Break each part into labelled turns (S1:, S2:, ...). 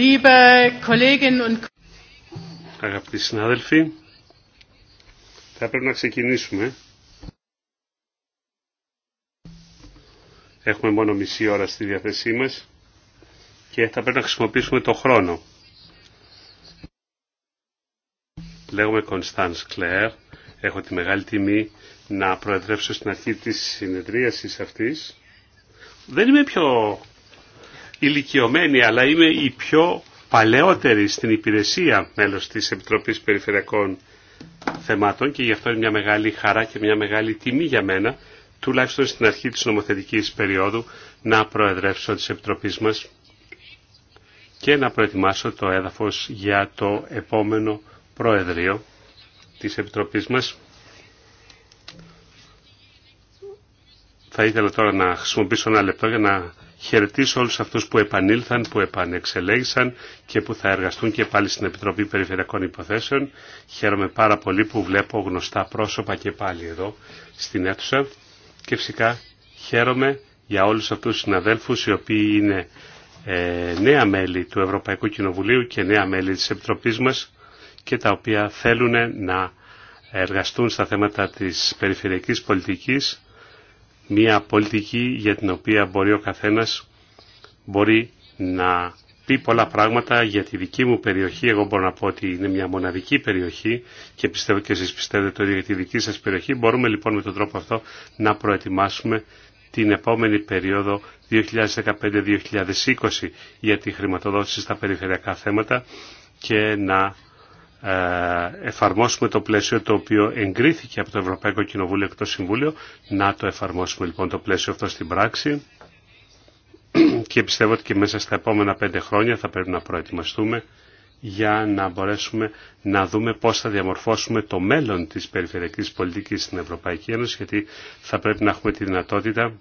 S1: Liebe Kolleginnen und
S2: Αγαπητοί συνάδελφοι, θα πρέπει να ξεκινήσουμε. Έχουμε μόνο μισή ώρα στη διάθεσή μας και θα πρέπει να χρησιμοποιήσουμε το χρόνο. Λέγομαι Κωνσταντς Κλέρ, έχω τη μεγάλη τιμή να προεδρεύσω στην αρχή της συνεδρίασης αυτής. Δεν είμαι πιο ηλικιωμένη, αλλά είμαι η πιο παλαιότερη στην υπηρεσία μέλος της Επιτροπής Περιφερειακών Θεμάτων και γι' αυτό είναι μια μεγάλη χαρά και μια μεγάλη τιμή για μένα, τουλάχιστον στην αρχή της νομοθετικής περίοδου, να προεδρεύσω της Επιτροπής μας και να προετοιμάσω το έδαφος για το επόμενο Προεδρείο της Επιτροπής μας. Θα ήθελα τώρα να χρησιμοποιήσω ένα λεπτό για να χαιρετήσω όλους αυτούς που επανήλθαν, που επανεξελέγησαν και που θα εργαστούν και πάλι στην Επιτροπή Περιφερειακών Υποθέσεων. Χαίρομαι πάρα πολύ που βλέπω γνωστά πρόσωπα και πάλι εδώ στην αίθουσα και φυσικά χαίρομαι για όλους αυτούς τους συναδέλφους οι οποίοι είναι ε, νέα μέλη του Ευρωπαϊκού Κοινοβουλίου και νέα μέλη της Επιτροπής μας και τα οποία θέλουν να εργαστούν στα θέματα της περιφερειακής πολιτικής μια πολιτική για την οποία μπορεί ο καθένας μπορεί να πει πολλά πράγματα για τη δική μου περιοχή. Εγώ μπορώ να πω ότι είναι μια μοναδική περιοχή και πιστεύω και εσείς πιστεύετε το ίδιο για τη δική σας περιοχή. Μπορούμε λοιπόν με τον τρόπο αυτό να προετοιμάσουμε την επόμενη περίοδο 2015-2020 για τη χρηματοδότηση στα περιφερειακά θέματα και να ε, εφαρμόσουμε το πλαίσιο το οποίο εγκρίθηκε από το Ευρωπαϊκό Κοινοβούλιο και το Συμβούλιο. Να το εφαρμόσουμε λοιπόν το πλαίσιο αυτό στην πράξη και πιστεύω ότι και μέσα στα επόμενα πέντε χρόνια θα πρέπει να προετοιμαστούμε για να μπορέσουμε να δούμε πώς θα διαμορφώσουμε το μέλλον της περιφερειακής πολιτικής στην Ευρωπαϊκή Ένωση γιατί θα πρέπει να έχουμε τη δυνατότητα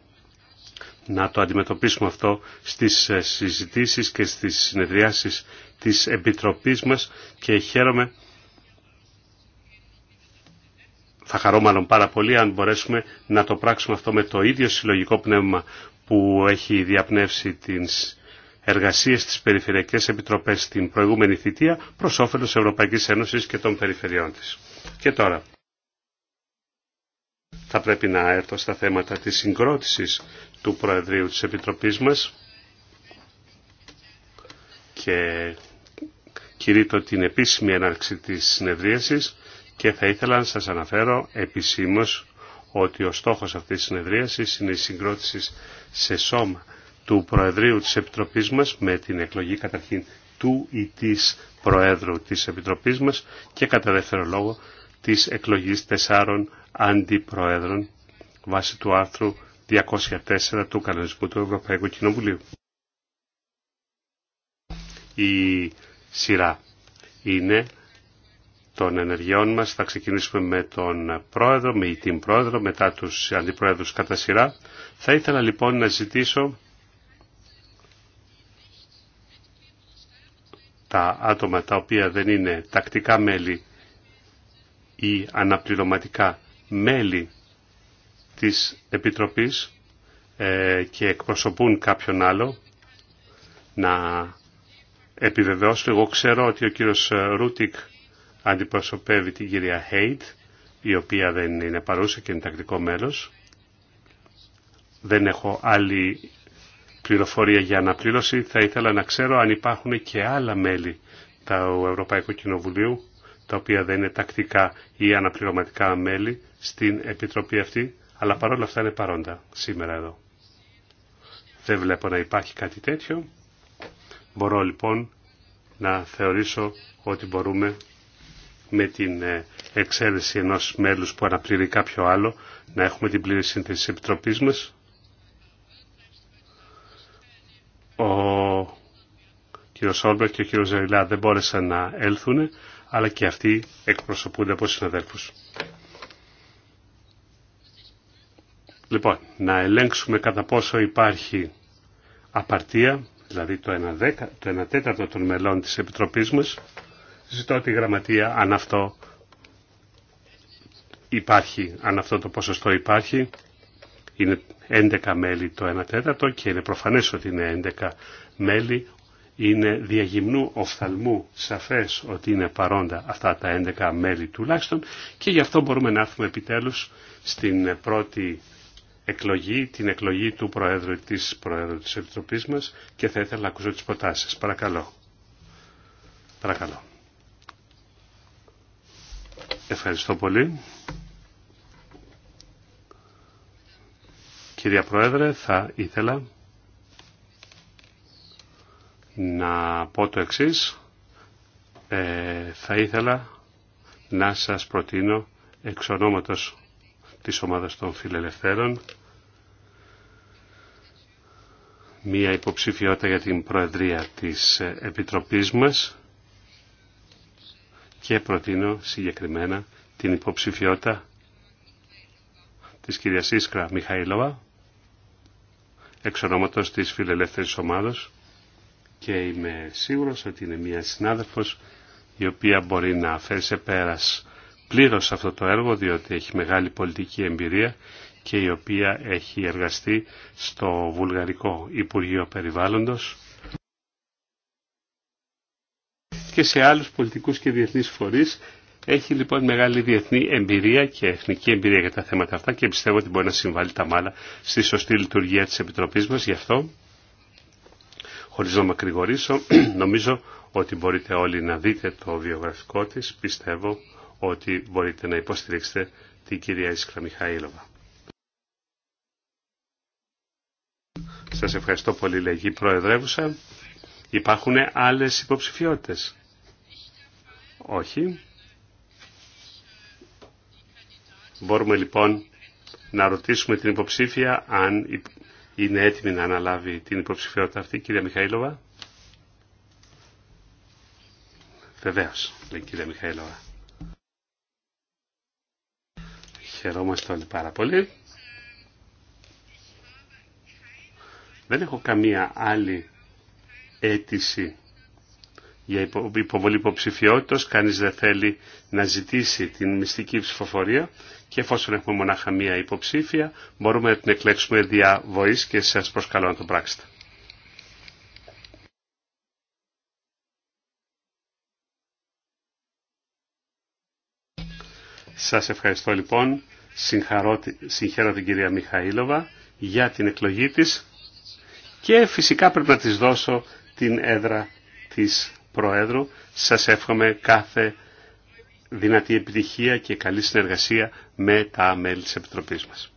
S2: να το αντιμετωπίσουμε αυτό στις ε, συζητήσεις και στις συνεδριάσεις της Επιτροπής μας και χαίρομαι θα χαρώ μάλλον πάρα πολύ αν μπορέσουμε να το πράξουμε αυτό με το ίδιο συλλογικό πνεύμα που έχει διαπνεύσει τις εργασίες της Περιφερειακές Επιτροπές στην προηγούμενη θητεία προς όφελος Ευρωπαϊκής Ένωσης και των περιφερειών της. Και τώρα θα πρέπει να έρθω στα θέματα της συγκρότησης του Προεδρείου της Επιτροπής μας και κηρύττω την επίσημη έναρξη της συνεδρίασης και θα ήθελα να σας αναφέρω επισήμως ότι ο στόχος αυτής της συνεδρίασης είναι η συγκρότηση σε σώμα του Προεδρείου της Επιτροπής μας με την εκλογή καταρχήν του ή της Προέδρου της Επιτροπής μας και κατά δεύτερο λόγο της εκλογής τεσσάρων αντιπροέδρων βάσει του άρθρου 204 του κανονισμού του Ευρωπαϊκού Κοινοβουλίου. Η σειρά είναι των ενεργειών μας. Θα ξεκινήσουμε με τον πρόεδρο, με την πρόεδρο, μετά τους αντιπρόεδρους κατά σειρά. Θα ήθελα λοιπόν να ζητήσω τα άτομα τα οποία δεν είναι τακτικά μέλη ή αναπληρωματικά μέλη της Επιτροπής ε, και εκπροσωπούν κάποιον άλλο να επιβεβαιώσω Εγώ ξέρω ότι ο κύριος Ρούτικ αντιπροσωπεύει την κυρία Χέιτ, η οποία δεν είναι παρούσα και είναι τακτικό μέλος. Δεν έχω άλλη πληροφορία για αναπλήρωση. Θα ήθελα να ξέρω αν υπάρχουν και άλλα μέλη του Ευρωπαϊκού Κοινοβουλίου, τα οποία δεν είναι τακτικά ή αναπληρωματικά μέλη στην Επιτροπή αυτή αλλά παρόλα αυτά είναι παρόντα σήμερα εδώ. Δεν βλέπω να υπάρχει κάτι τέτοιο. Μπορώ λοιπόν να θεωρήσω ότι μπορούμε με την ε, εξαίρεση ενός μέλους που αναπληρεί κάποιο άλλο να έχουμε την πλήρη σύνθεση της Επιτροπής μας. Ο κ. Σόλμπερ και ο κ. Ζαριλά δεν μπόρεσαν να έλθουν, αλλά και αυτοί εκπροσωπούνται από συναδέλφους. Λοιπόν, να ελέγξουμε κατά πόσο υπάρχει απαρτία, δηλαδή το 1, δέκα, το 1 τέταρτο των μελών της Επιτροπής μας. Ζητώ τη γραμματεία αν αυτό υπάρχει, αν αυτό το ποσοστό υπάρχει. Είναι 11 μέλη το 1 τέταρτο και είναι προφανές ότι είναι 11 μέλη. Είναι διαγυμνού οφθαλμού σαφές ότι είναι παρόντα αυτά τα 11 μέλη τουλάχιστον και γι' αυτό μπορούμε να έρθουμε επιτέλους στην πρώτη εκλογή, την εκλογή του Προέδρου της Προέδρου της Επιτροπής μας και θα ήθελα να ακούσω τις προτάσεις. Παρακαλώ. Παρακαλώ. Ευχαριστώ πολύ. Κυρία Πρόεδρε, θα ήθελα να πω το εξής. Ε, θα ήθελα να σας προτείνω εξ ονόματος της ομάδας των φιλελευθέρων μία υποψηφιότητα για την Προεδρία της Επιτροπής μας και προτείνω συγκεκριμένα την υποψηφιότητα της κυρίας Ίσκρα Μιχαήλωβα εξ ονόματος της Φιλελεύθερης Ομάδος και είμαι σίγουρος ότι είναι μία συνάδελφος η οποία μπορεί να φέρει σε πέρας πλήρως αυτό το έργο διότι έχει μεγάλη πολιτική εμπειρία και η οποία έχει εργαστεί στο Βουλγαρικό Υπουργείο Περιβάλλοντος και σε άλλους πολιτικούς και διεθνείς φορείς. Έχει λοιπόν μεγάλη διεθνή εμπειρία και εθνική εμπειρία για τα θέματα αυτά και πιστεύω ότι μπορεί να συμβάλλει τα μάλα στη σωστή λειτουργία της Επιτροπής μας. Γι' αυτό, χωρίς να μακρηγορήσω, νομίζω ότι μπορείτε όλοι να δείτε το βιογραφικό της. Πιστεύω ότι μπορείτε να υποστηρίξετε την κυρία Ισκρα Μιχαήλωβα. Σα ευχαριστώ πολύ, λέγει Προεδρεύουσα. Υπάρχουν άλλες υποψηφιότητες. Όχι. Μπορούμε λοιπόν να ρωτήσουμε την υποψήφια αν είναι έτοιμη να αναλάβει την υποψηφιότητα αυτή, κυρία Μιχαήλοβα. Βεβαίω, λέει η κυρία Μιχαήλοβα. Χαιρόμαστε όλοι πάρα πολύ. Δεν έχω καμία άλλη αίτηση για υποβολή υποψηφιότητα. Κανείς δεν θέλει να ζητήσει την μυστική ψηφοφορία και εφόσον έχουμε μονάχα μία υποψήφια μπορούμε να την εκλέξουμε δια βοής και σας προσκαλώ να το πράξετε. Σας ευχαριστώ λοιπόν. Συγχαρώ, την κυρία Μιχαήλοβα για την εκλογή της και φυσικά πρέπει να της δώσω την έδρα της Προέδρου. Σας εύχομαι κάθε δυνατή επιτυχία και καλή συνεργασία με τα μέλη της Επιτροπής μας.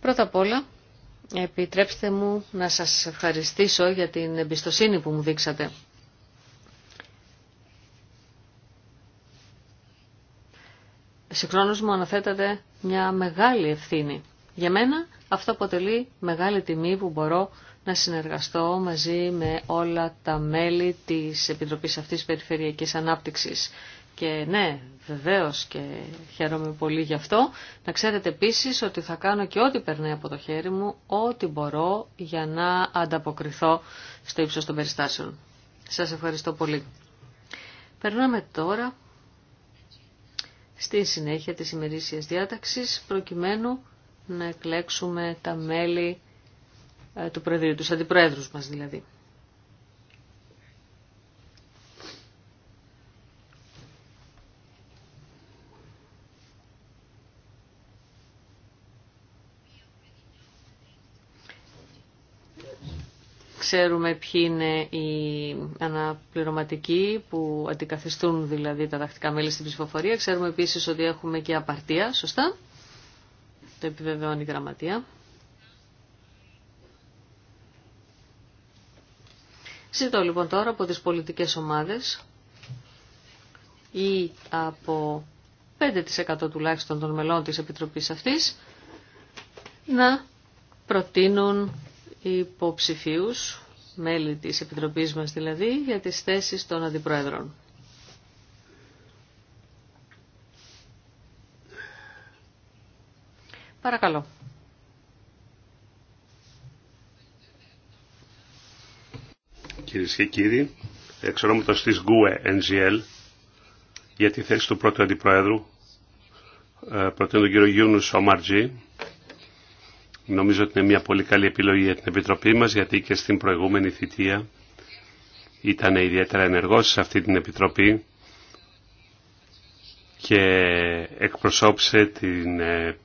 S3: Πρώτα απ' όλα, επιτρέψτε μου να σας ευχαριστήσω για την εμπιστοσύνη που μου δείξατε. Συγχρόνως μου αναθέτατε μια μεγάλη ευθύνη. Για μένα αυτό αποτελεί μεγάλη τιμή που μπορώ να συνεργαστώ μαζί με όλα τα μέλη της Επιτροπής αυτής Περιφερειακής Ανάπτυξης και ναι, βεβαίως και χαίρομαι πολύ γι' αυτό. Να ξέρετε επίσης ότι θα κάνω και ό,τι περνάει από το χέρι μου, ό,τι μπορώ για να ανταποκριθώ στο ύψος των περιστάσεων. Σας ευχαριστώ πολύ. Περνάμε τώρα στη συνέχεια της ημερήσιας διάταξης προκειμένου να εκλέξουμε τα μέλη ε, του Προεδρείου, τους αντιπροέδρους μας δηλαδή. ξέρουμε ποιοι είναι οι αναπληρωματικοί που αντικαθιστούν δηλαδή τα τακτικά μέλη στην ψηφοφορία. Ξέρουμε επίσης ότι έχουμε και απαρτία, σωστά. Το επιβεβαιώνει η γραμματεία. Ζητώ λοιπόν τώρα από τις πολιτικές ομάδες ή από 5% τουλάχιστον των μελών της Επιτροπής αυτής να προτείνουν υποψηφίους, μέλη της Επιτροπής μας δηλαδή, για τις θέσεις των Αντιπρόεδρων. Παρακαλώ.
S2: Κυρίε και κύριοι, εξ ονόματος της ΓΚΟΕ NGL για τη θέση του πρώτου αντιπρόεδρου ε, προτείνω τον κύριο Γιούνου Σομαρτζή Νομίζω ότι είναι μια πολύ καλή επιλογή για την Επιτροπή μας, γιατί και στην προηγούμενη θητεία ήταν ιδιαίτερα ενεργός σε αυτή την Επιτροπή και εκπροσώπησε την, ε,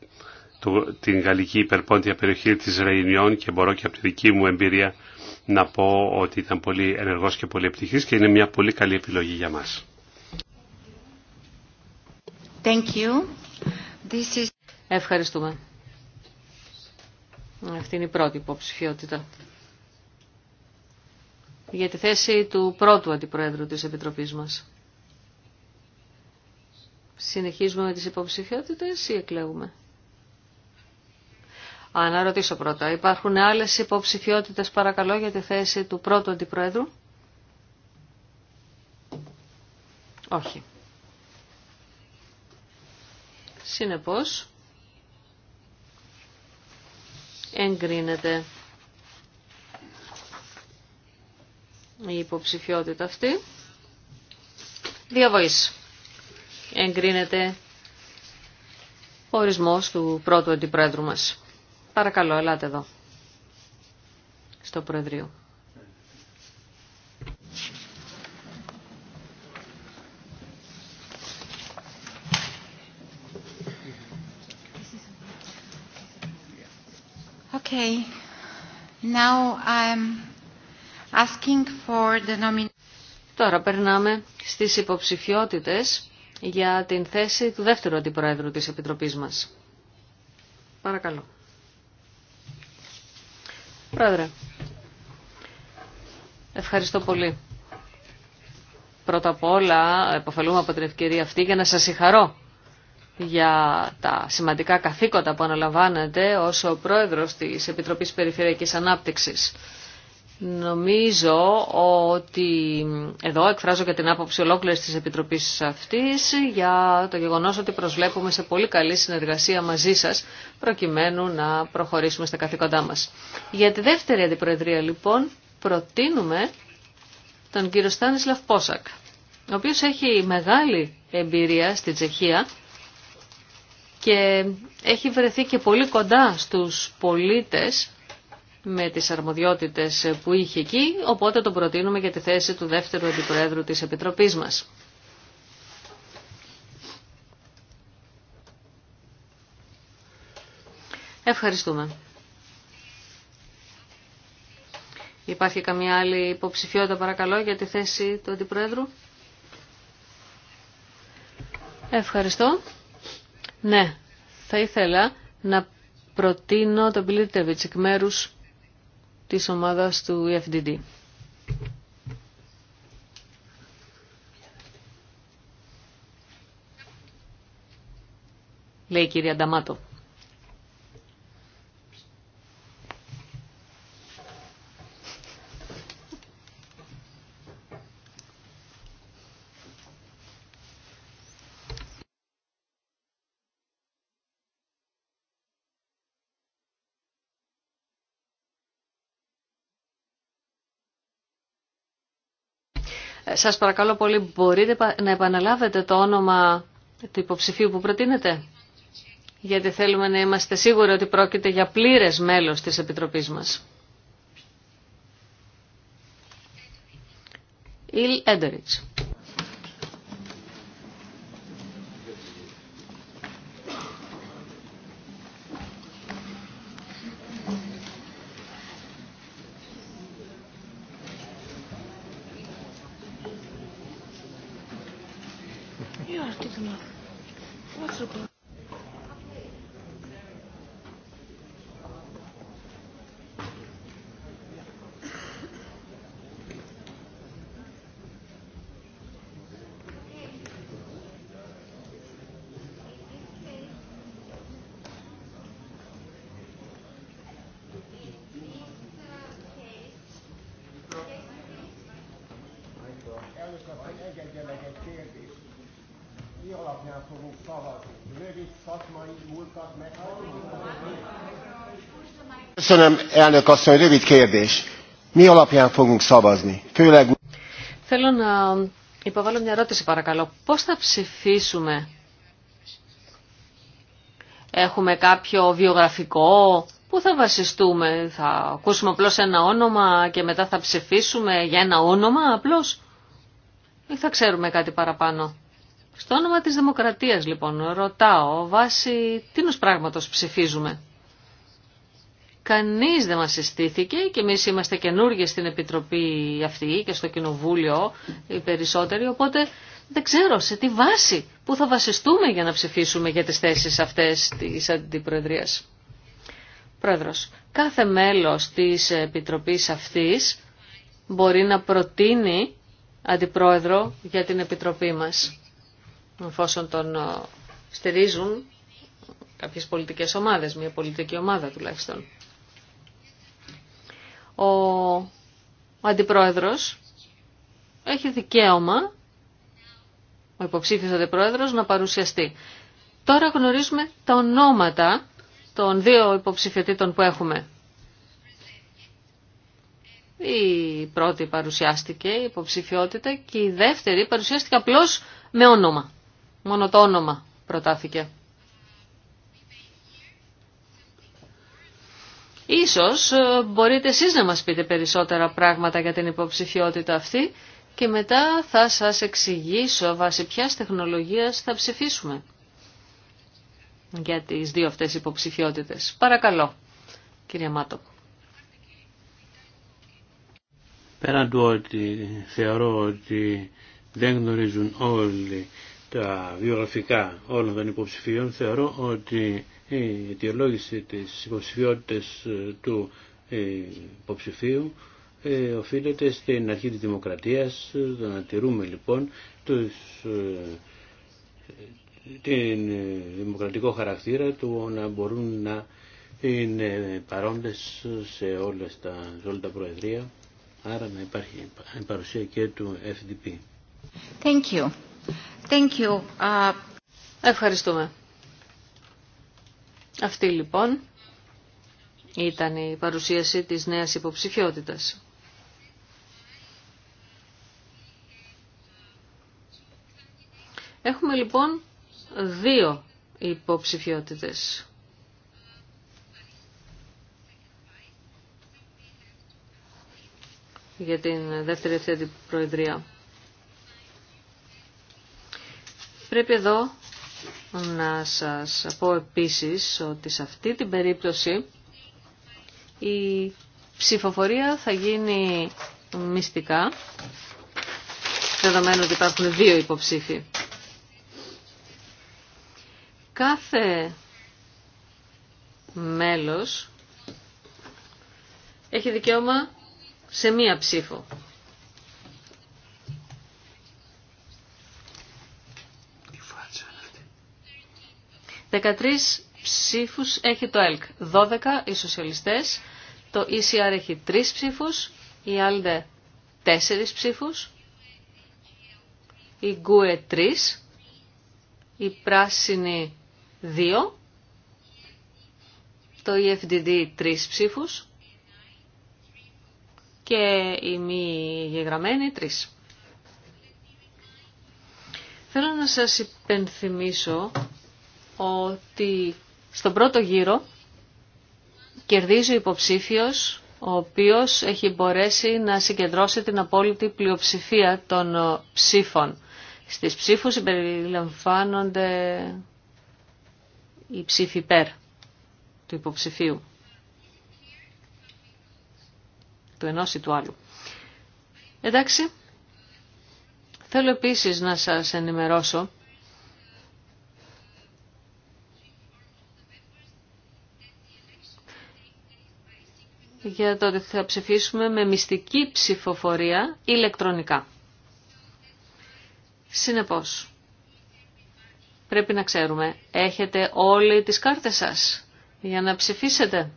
S2: την γαλλική υπερπόντια περιοχή της Ρεϊνιών και μπορώ και από τη δική μου εμπειρία να πω ότι ήταν πολύ ενεργός και πολύ επιτυχής και είναι μια πολύ καλή επιλογή για μας.
S3: Ευχαριστούμε. Αυτή είναι η πρώτη υποψηφιότητα. Για τη θέση του πρώτου αντιπρόεδρου της Επιτροπής μας. Συνεχίζουμε με τις υποψηφιότητες ή εκλέγουμε. Α, να ρωτήσω πρώτα. Υπάρχουν άλλες υποψηφιότητες παρακαλώ για τη θέση του πρώτου αντιπρόεδρου. Όχι. Συνεπώς, εγκρίνεται η υποψηφιότητα αυτή. Διαβοής. Εγκρίνεται ο ορισμός του πρώτου αντιπρόεδρου μας. Παρακαλώ, ελάτε εδώ, στο Προεδρείο. Now I'm asking for the Τώρα περνάμε στις υποψηφιότητες για την θέση του δεύτερου αντιπρόεδρου της Επιτροπής μας. Παρακαλώ. Πρόεδρε, ευχαριστώ πολύ. Πρώτα απ' όλα, επωφελούμε από την ευκαιρία αυτή για να σας συγχαρώ για τα σημαντικά καθήκοντα που αναλαμβάνετε ως ο πρόεδρος της Επιτροπής Περιφερειακής Ανάπτυξης. Νομίζω ότι εδώ εκφράζω και την άποψη ολόκληρης της Επιτροπής αυτής για το γεγονός ότι προσβλέπουμε σε πολύ καλή συνεργασία μαζί σας προκειμένου να προχωρήσουμε στα καθήκοντά μας. Για τη δεύτερη αντιπροεδρία λοιπόν προτείνουμε τον κύριο Στάνισλαφ Πόσακ ο οποίος έχει μεγάλη εμπειρία στη Τσεχία και έχει βρεθεί και πολύ κοντά στους πολίτες με τις αρμοδιότητες που είχε εκεί, οπότε τον προτείνουμε για τη θέση του δεύτερου αντιπροέδρου της Επιτροπής μας. Ευχαριστούμε. Υπάρχει καμία άλλη υποψηφιότητα παρακαλώ για τη θέση του Αντιπρόεδρου. Ευχαριστώ. Ναι, θα ήθελα να προτείνω τον Πιλίτεβιτς εκ μέρου της ομάδας του EFDD. Λέει η κυρία Νταμάτο. Σας παρακαλώ πολύ, μπορείτε να επαναλάβετε το όνομα του υποψηφίου που προτείνετε. Γιατί θέλουμε να είμαστε σίγουροι ότι πρόκειται για πλήρες μέλος της Επιτροπής μας. Έντεριτς.
S1: Köszönöm, elnök asszony, rövid kérdés. Mi alapján fogunk szavazni? Főleg...
S3: Θέλω να υποβάλω μια ερώτηση παρακαλώ. Πώς θα ψηφίσουμε Έχουμε κάποιο βιογραφικό. Πού θα βασιστούμε. Θα ακούσουμε απλώ ένα όνομα και μετά θα ψηφίσουμε για ένα όνομα απλώ. Ή θα ξέρουμε κάτι παραπάνω. Στο όνομα της δημοκρατίας λοιπόν ρωτάω βάσει τίνος πράγματος ψηφίζουμε. Κανείς δεν μας συστήθηκε και εμείς είμαστε καινούργιες στην Επιτροπή αυτή και στο Κοινοβούλιο οι περισσότεροι, οπότε δεν ξέρω σε τι βάση, που θα βασιστούμε για να ψηφίσουμε για τις θέσεις αυτές της Αντιπροεδρίας. Πρόεδρος, κάθε μέλος της Επιτροπής αυτής μπορεί να προτείνει Αντιπρόεδρο για την Επιτροπή μας, εφόσον τον ε, στηρίζουν κάποιες πολιτικές ομάδες, μια πολιτική ομάδα τουλάχιστον. Ο αντιπρόεδρος έχει δικαίωμα, ο υποψήφιος αντιπρόεδρος, να παρουσιαστεί. Τώρα γνωρίζουμε τα ονόματα των δύο υποψηφιότητων που έχουμε. Η πρώτη παρουσιάστηκε, η υποψηφιότητα, και η δεύτερη παρουσιάστηκε απλώς με όνομα. Μόνο το όνομα προτάθηκε. Ίσως ε, μπορείτε εσείς να μας πείτε περισσότερα πράγματα για την υποψηφιότητα αυτή και μετά θα σας εξηγήσω βάσει ποιας τεχνολογίας θα ψηφίσουμε για τις δύο αυτές υποψηφιότητες. Παρακαλώ, κύριε Μάτο.
S4: Πέραν του ότι θεωρώ ότι δεν γνωρίζουν όλοι τα βιογραφικά όλων των υποψηφίων, θεωρώ ότι η αιτιολόγηση της υποψηφιότητας ε, του ε, υποψηφίου ε, οφείλεται στην αρχή της δημοκρατίας, να τηρούμε λοιπόν τους, την δημοκρατικό χαρακτήρα του να μπορούν να είναι παρόντες σε, όλες τα, όλα τα προεδρία, άρα να υπάρχει η παρουσία και του FDP.
S3: Thank Ευχαριστούμε. Αυτή λοιπόν ήταν η παρουσίαση της νέας υποψηφιότητας. Έχουμε λοιπόν δύο υποψηφιότητες. για την δεύτερη θέση προεδρία. Πρέπει εδώ να σας πω επίσης ότι σε αυτή την περίπτωση η ψηφοφορία θα γίνει μυστικά, δεδομένου ότι υπάρχουν δύο υποψήφοι. Κάθε μέλος έχει δικαίωμα σε μία ψήφο. 13 ψήφους έχει το ΕΛΚ, 12 οι σοσιαλιστές, το ECR έχει 3 ψήφους, η ΑΛΔΕ 4 ψήφους, η ΓΚΟΕ 3, η Πράσινη 2, το EFDD 3 ψήφους και η μη γεγραμμένη 3. Θέλω να σας υπενθυμίσω ότι στον πρώτο γύρο κερδίζει ο υποψήφιος ο οποίος έχει μπορέσει να συγκεντρώσει την απόλυτη πλειοψηφία των ε, ψήφων. Στις ψήφους συμπεριλαμβάνονται οι ψήφοι υπέρ του υποψηφίου, του ενός ή του άλλου. Εντάξει, θέλω επίσης να σας ενημερώσω για το ότι θα ψηφίσουμε με μυστική ψηφοφορία ηλεκτρονικά. Συνεπώς, πρέπει να ξέρουμε, έχετε όλοι τις κάρτες σας για να ψηφίσετε.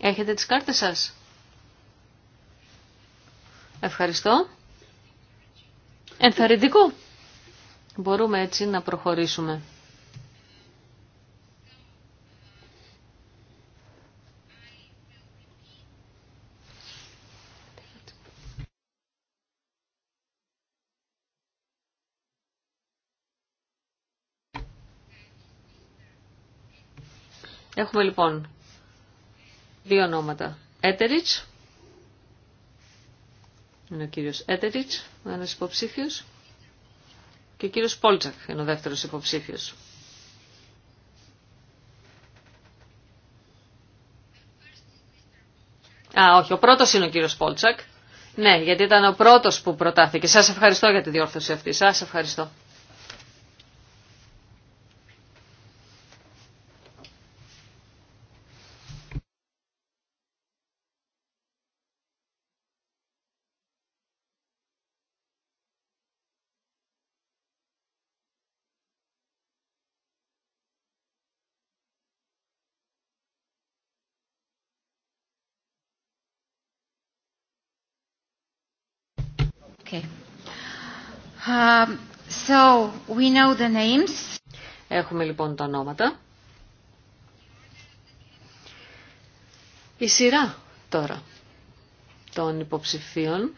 S3: Έχετε τις κάρτες σας. Ευχαριστώ. Ενθαρρυντικό. Μπορούμε έτσι να προχωρήσουμε. Έχουμε λοιπόν δύο ονόματα. Έτεριτς, είναι ο κύριος Έτεριτς, ένας υποψήφιος. Και ο κύριος Πόλτσακ είναι ο δεύτερος υποψήφιος. Α, όχι, ο πρώτος είναι ο κύριος Πόλτσακ. Ναι, γιατί ήταν ο πρώτος που προτάθηκε. Σας ευχαριστώ για τη διόρθωση αυτή. Σας ευχαριστώ. Um, so we Έχουμε λοιπόν τα ονόματα. Η σειρά τώρα των υποψηφίων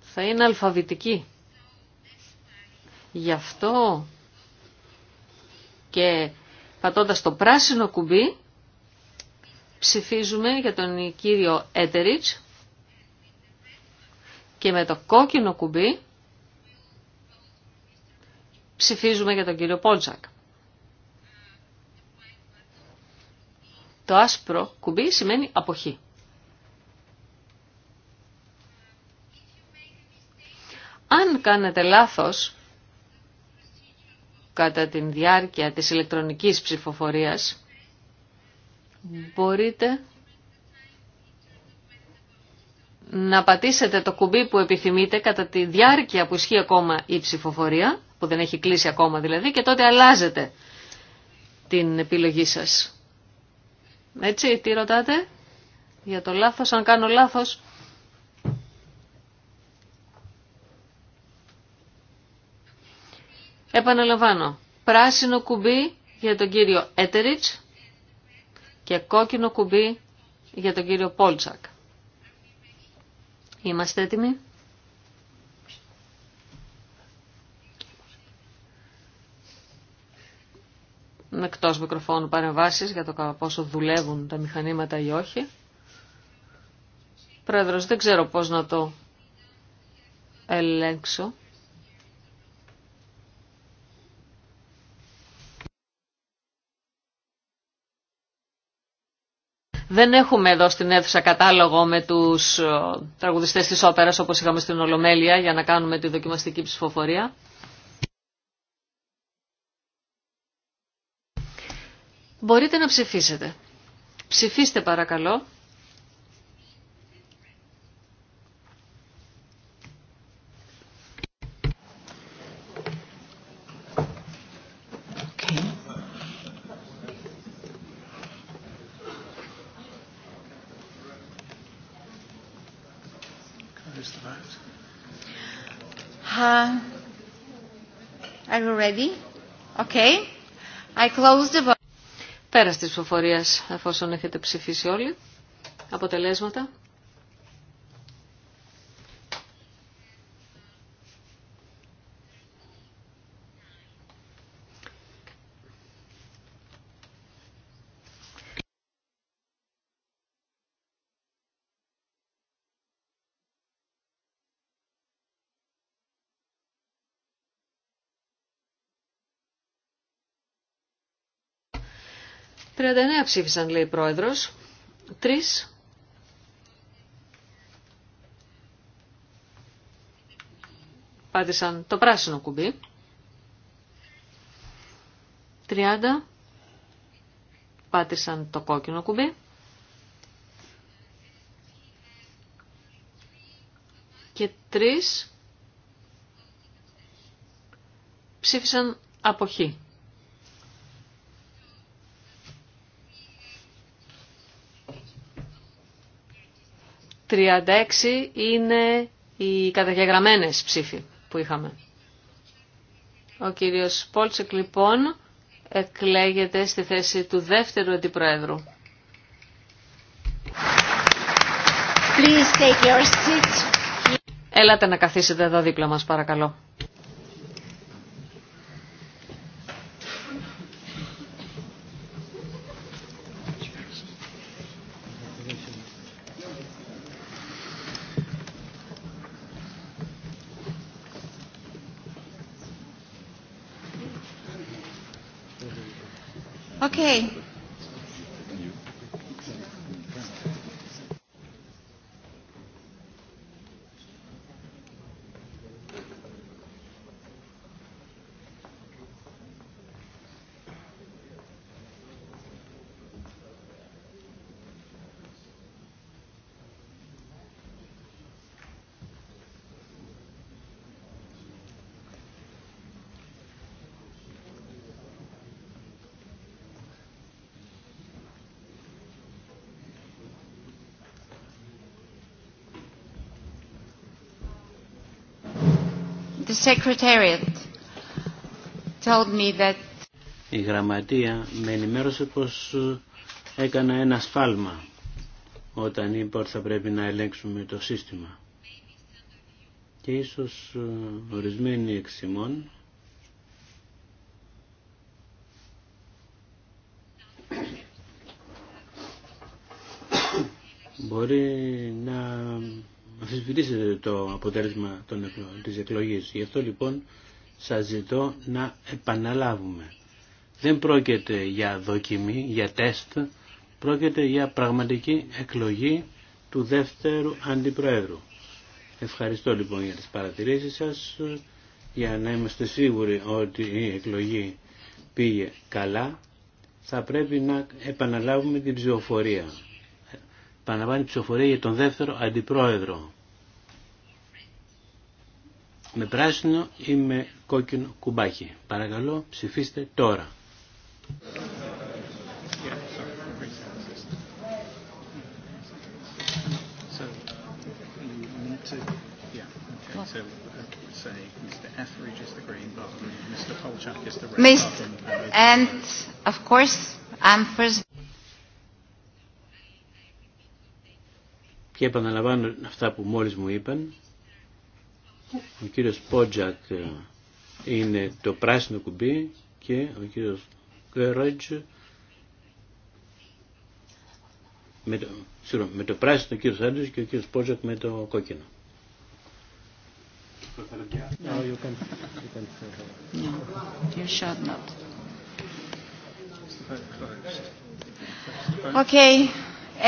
S3: θα είναι αλφαβητική. Γι' αυτό και πατώντας το πράσινο κουμπί ψηφίζουμε για τον κύριο Έτεριτς και με το κόκκινο κουμπί ψηφίζουμε για τον κύριο Πόντζακ. Το άσπρο κουμπί σημαίνει αποχή. Αν κάνετε λάθος κατά την διάρκεια της ηλεκτρονικής ψηφοφορίας, μπορείτε να πατήσετε το κουμπί που επιθυμείτε κατά τη διάρκεια που ισχύει ακόμα η ψηφοφορία που δεν έχει κλείσει ακόμα δηλαδή, και τότε αλλάζετε την επιλογή σας. Έτσι, τι ρωτάτε για το λάθος, αν κάνω λάθος. Επαναλαμβάνω, πράσινο κουμπί για τον κύριο Έτεριτς και κόκκινο κουμπί για τον κύριο Πόλτσακ. Είμαστε έτοιμοι. εκτός μικροφώνου παρεμβάσεις για το πόσο δουλεύουν τα μηχανήματα ή όχι. Πρόεδρος, δεν ξέρω πώς να το ελέγξω. Δεν έχουμε εδώ στην αίθουσα κατάλογο με τους ε, τραγουδιστές της όπερας όπως είχαμε στην Ολομέλεια για να κάνουμε τη δοκιμαστική ψηφοφορία. Μπορείτε να ψηφίσετε. Ψηφίστε παρακαλώ. Uh, are you ready? Okay. I close the Πέρας της ψηφοφορίας, εφόσον έχετε ψηφίσει όλοι. Αποτελέσματα. 39 ψήφισαν, λέει η πρόεδρος. 3 πάτησαν το πράσινο κουμπί. 30 πάτησαν το κόκκινο κουμπί. Και 3 ψήφισαν αποχή. 36 είναι οι καταγεγραμμένες ψήφοι που είχαμε. Ο κύριος Πόλτσεκ λοιπόν εκλέγεται στη θέση του δεύτερου αντιπρόεδρου. Έλατε να καθίσετε εδώ δίπλα μας παρακαλώ.
S4: Η γραμματεία με ενημέρωσε πως ε, έκανα ένα σφάλμα όταν είπα ότι θα πρέπει να ελέγξουμε το σύστημα. Και ίσως ε, ορισμένοι εξημών μπορεί αμφισβητήσετε το αποτέλεσμα των, της εκλογής. Γι' αυτό λοιπόν σας ζητώ να επαναλάβουμε. Δεν πρόκειται για δοκιμή, για τεστ, πρόκειται για πραγματική εκλογή του δεύτερου αντιπροέδρου. Ευχαριστώ λοιπόν για τις παρατηρήσεις σας, για να είμαστε σίγουροι ότι η εκλογή πήγε καλά, θα πρέπει να επαναλάβουμε την ψηφοφορία. την ψηφοφορία για τον δεύτερο αντιπρόεδρο με πράσινο ή με κόκκινο κουμπάκι. Παρακαλώ ψηφίστε τώρα. Και επαναλαμβάνω αυτά που μόλις μου είπαν. Ο κύριος Πότζακ είναι το πράσινο κουμπί και ο κύριος Κέροτζ με το, σύγουρο, με το πράσινο ο κύριος και ο κύριος Πότζακ με το κόκκινο. No, you can, you can
S1: no, you should not. Okay,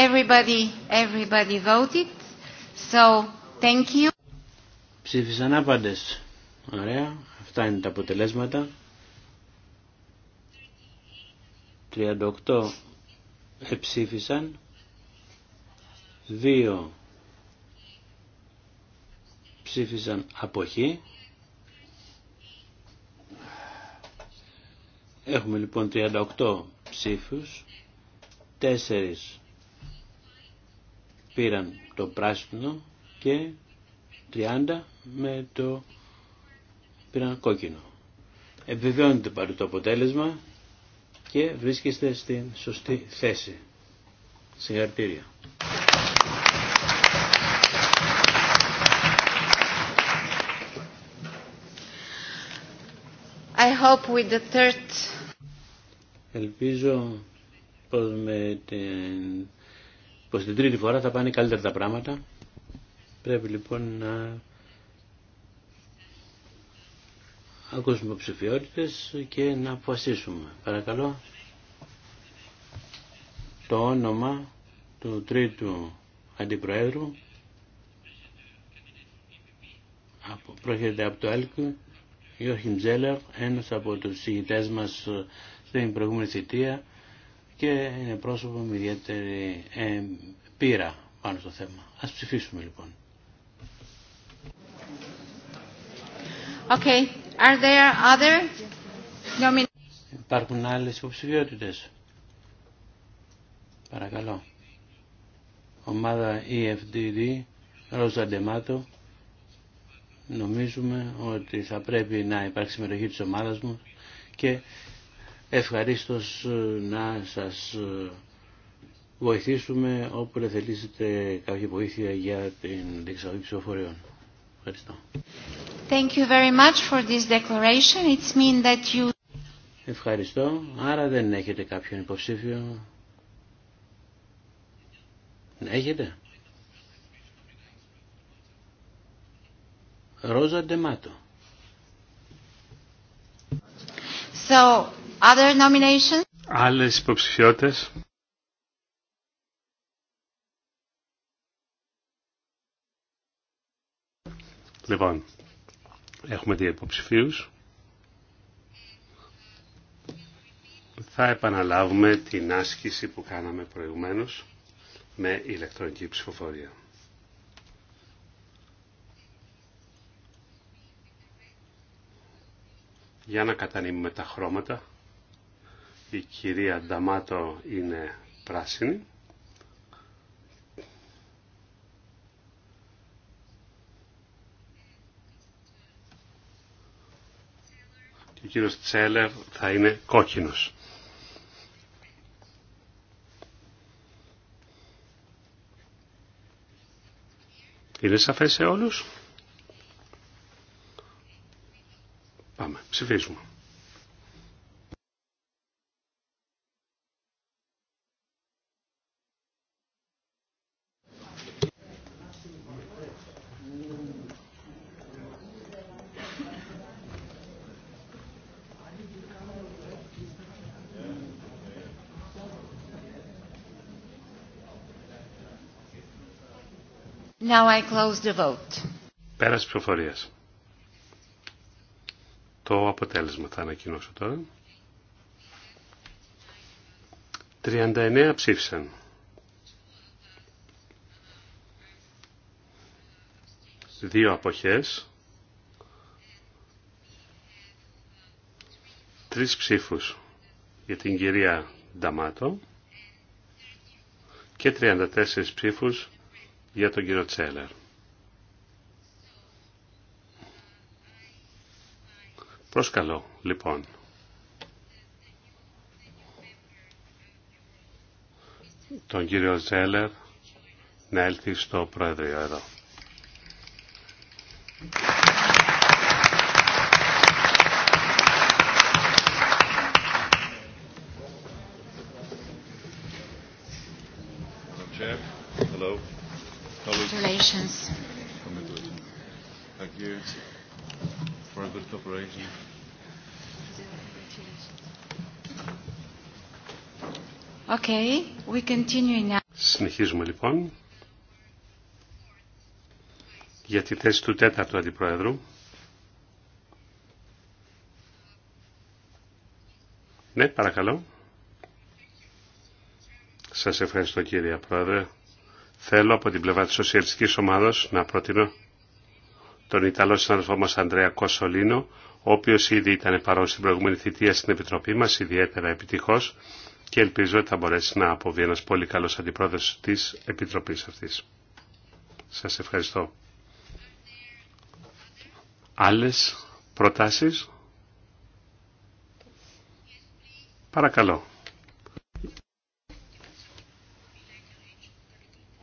S1: everybody, everybody voted. So, thank you.
S4: Ψήφισαν άπαντες. Ωραία. Αυτά είναι τα αποτελέσματα. 38 εψήφισαν. 2 ψήφισαν αποχή. Έχουμε λοιπόν 38 ψήφους. 4 πήραν το πράσινο και 30 με το πήραν κόκκινο. Επιβεβαιώνεται πάλι το αποτέλεσμα και βρίσκεστε στην σωστή θέση. Συγχαρητήρια.
S1: I hope the
S4: Ελπίζω πως, με την... πως την τρίτη φορά θα πάνε καλύτερα τα πράγματα. Πρέπει λοιπόν να ακούσουμε ψηφιότητες και να αποφασίσουμε. Παρακαλώ το όνομα του τρίτου αντιπροέδρου από, πρόκειται από το ΕΛΚΟ Γιώργιν Τζέλερ, ένας από τους συγητές μας στην προηγούμενη θητεία και είναι πρόσωπο με ιδιαίτερη ε, πείρα πάνω στο θέμα. Ας ψηφίσουμε λοιπόν.
S1: Okay. Are there other
S4: Υπάρχουν άλλες υποψηφιότητε. Παρακαλώ. Ομάδα EFDD, Ρόζα Ντεμάτο. Νομίζουμε ότι θα πρέπει να υπάρξει συμμετοχή της ομάδας μου και ευχαρίστως ε, να σας ε, βοηθήσουμε όπου θελήσετε κάποια βοήθεια για την διεξαγωγή ψηφοφοριών. Ευχαριστώ.
S1: Thank you very much for this declaration. It means that you...
S4: Ευχαριστώ. Άρα δεν έχετε κάποιον υποψήφιο. Έχετε. Ρόζα Ντεμάτο.
S1: So, other nominations?
S2: Άλλες υποψηφιότητες. Λοιπόν, Έχουμε δύο υποψηφίους. Θα επαναλάβουμε την άσκηση που κάναμε προηγουμένως με ηλεκτρονική ψηφοφορία. Για να κατανείμουμε τα χρώματα. Η κυρία Νταμάτο είναι πράσινη. κύριος Τσέλερ θα είναι κόκκινος. Είναι σαφές σε όλους. Πάμε, ψηφίζουμε.
S1: Now I close
S2: ψηφοφορίας. Το αποτέλεσμα θα ανακοινώσω τώρα. 39 ψήφισαν. Δύο αποχές. Τρεις ψήφους για την κυρία Νταμάτο και 34 ψήφους για τον κύριο Τσέλερ. Προσκαλώ, λοιπόν, τον κύριο Τσέλερ να έλθει στο Πρόεδριο εδώ. Συνεχίζουμε λοιπόν για τη θέση του τέταρτου αντιπρόεδρου. Ναι, παρακαλώ. Σας ευχαριστώ κύριε Πρόεδρε. Θέλω από την πλευρά της Σοσιαλιστικής Ομάδος να προτείνω τον Ιταλό συνάδελφό μας Ανδρέα Κοσολίνο, ο οποίος ήδη ήταν παρόν στην προηγούμενη θητεία στην Επιτροπή μας, ιδιαίτερα επιτυχώς, και ελπίζω ότι θα μπορέσει να αποβεί ένας πολύ καλός αντιπρόεδρος της Επιτροπής αυτής. Σας ευχαριστώ. Άλλες προτάσεις. Παρακαλώ.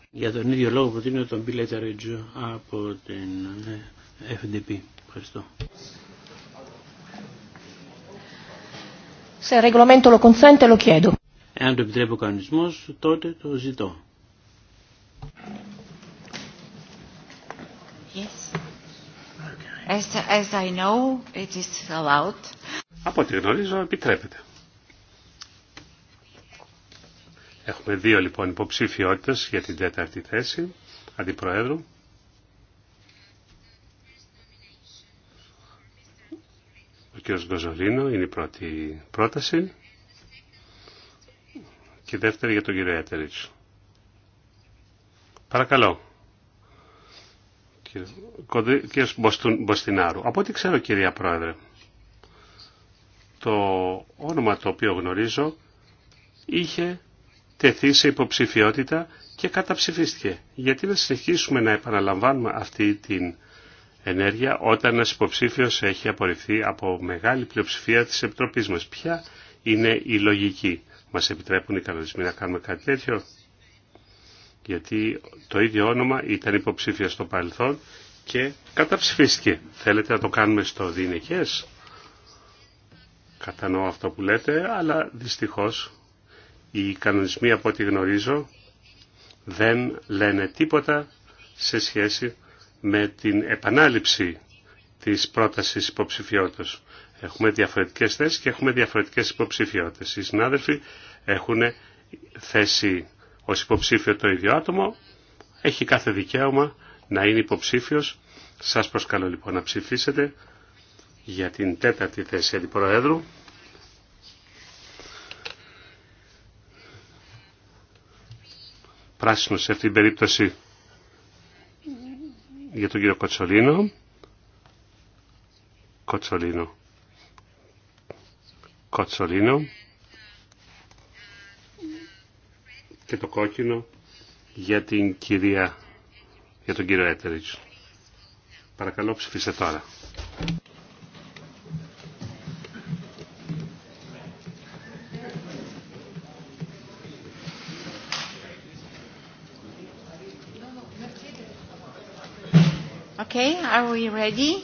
S2: Για τον ίδιο
S4: λόγο προτείνω τον Bill από την FDP. Ευχαριστώ. Σε Εάν το επιτρέπει ο κανονισμό, τότε το ζητώ.
S2: Από ό,τι γνωρίζω, επιτρέπεται. Έχουμε δύο λοιπόν υποψηφιότητε για την τέταρτη θέση αντιπροέδρου. κύριος Γκοζολίνο, είναι η πρώτη πρόταση. Και η δεύτερη για τον κύριο Έτεριτς. Παρακαλώ. Κύριος Μποστινάρου. Από ό,τι ξέρω κυρία Πρόεδρε, το όνομα το οποίο γνωρίζω είχε τεθεί σε υποψηφιότητα και καταψηφίστηκε. Γιατί να συνεχίσουμε να επαναλαμβάνουμε αυτή την ενέργεια όταν ένας υποψήφιος έχει απορριφθεί από μεγάλη πλειοψηφία της Επιτροπής μας. Ποια είναι η λογική. Μας επιτρέπουν οι κανονισμοί να κάνουμε κάτι τέτοιο. Γιατί το ίδιο όνομα ήταν υποψήφια στο παρελθόν και καταψηφίστηκε. Θέλετε να το κάνουμε στο δίνεκες. Κατανοώ αυτό που λέτε, αλλά δυστυχώς οι κανονισμοί από ό,τι γνωρίζω δεν λένε τίποτα σε σχέση με την επανάληψη της πρότασης υποψηφιότητας. Έχουμε διαφορετικές θέσεις και έχουμε διαφορετικές υποψηφιότητες. Οι συνάδελφοι έχουν θέση ως υποψήφιο το ίδιο άτομο, έχει κάθε δικαίωμα να είναι υποψήφιος. Σας προσκαλώ λοιπόν να ψηφίσετε για την τέταρτη θέση αντιπροέδρου. Πράσινο σε αυτήν την περίπτωση για τον κύριο Κοτσολίνο. Κοτσολίνο. Κοτσολίνο. Και το κόκκινο για την κυρία, για τον κύριο Έτεριτς. Παρακαλώ ψηφίστε τώρα.
S1: Are ready?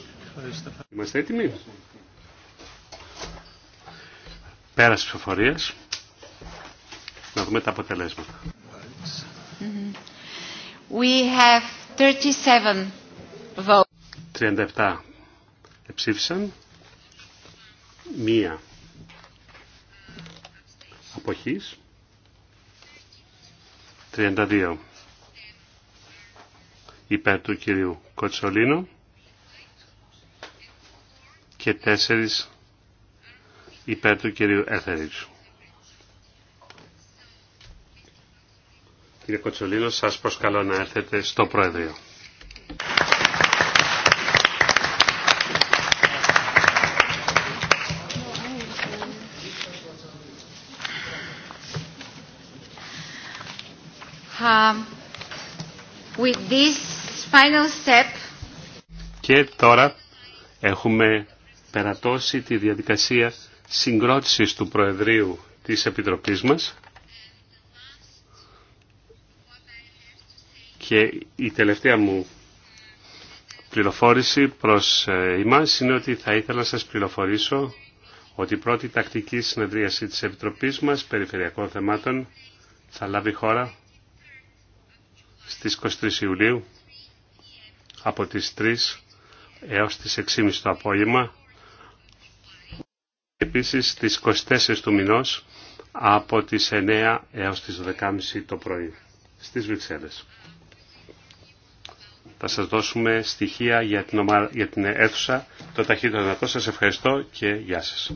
S1: Είμαστε έτοιμοι.
S2: Πέρας στις ψηφοφορίες Να δούμε τα αποτελέσματα.
S1: Mm-hmm. We have 37
S2: votes. 37 εψήφισαν. Μία αποχής. 32 υπέρ του κυρίου Κοτσολίνου και 4 υπέρ του κυρίου Έθεριξου. Κύριε Κοτσολίνο, σας προσκαλώ να έρθετε στο Προεδρείο.
S1: Um, with this final step...
S2: Και τώρα έχουμε περατώσει τη διαδικασία συγκρότησης του Προεδρείου της Επιτροπής μας και η τελευταία μου πληροφόρηση προς ε, εμάς είναι ότι θα ήθελα να σας πληροφορήσω ότι η πρώτη τακτική συνεδρίαση της Επιτροπής μας Περιφερειακών Θεμάτων θα λάβει χώρα στις 23 Ιουλίου από τις 3 έως τις 6.30 το απόγευμα επίσης στις 24 του μηνός από τις 9 έως τις 12.30 το πρωί στις Βρυξέλλες. Θα σας δώσουμε στοιχεία για την, ομα... για την αίθουσα το ταχύτερο δυνατό. Σας ευχαριστώ και γεια σας.